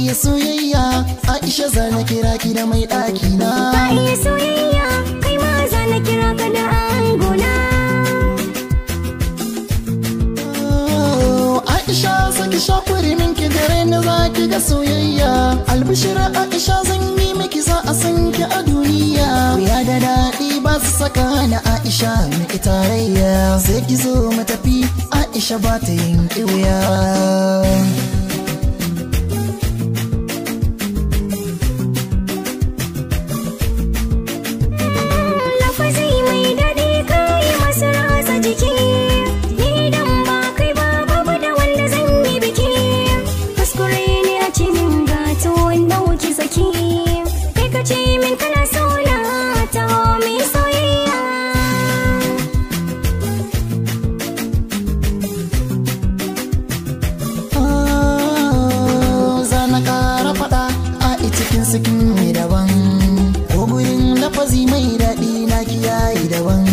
iya soyayya Aisha za na kira ki da mai ɗaki na iya soyayya kai ma za na kira ka da angona oh, Aisha saki shakuri min ki dare na za ki ga soyayya Albishira Aisha zan yi miki za a san ki a saka Aisha miki tarayya sai ki zo tafi Aisha ba ta yin kiwuya arzikin mai daban ko gurin lafazi mai daɗi na kiyaye daban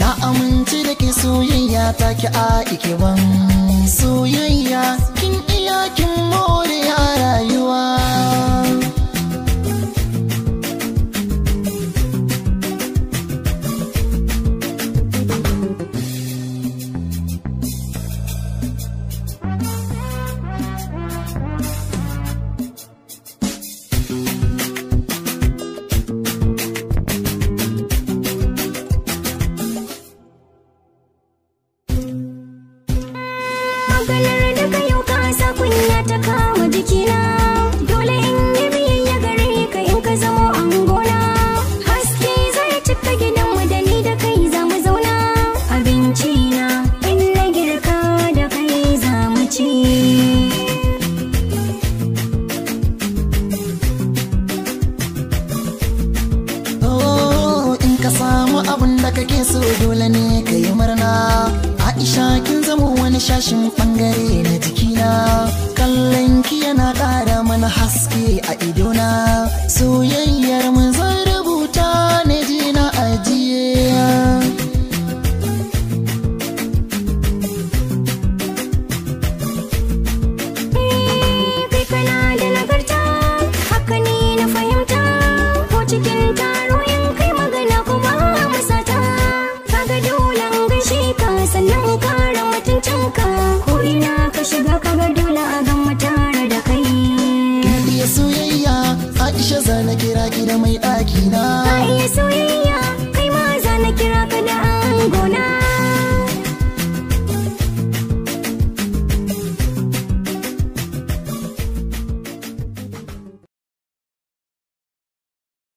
na amince da ke soyayya ta ki a ikiban ban Maganar da ka yau ka kunya ta kawo jikina dole in so dole ne ka yi murna Aisha kin zama wani shashin bangare na jikina kallon ki yana ƙara mana haske a idona soyayya yaushe zana kira ki da mai ɗaki na. Ka iya soyayya.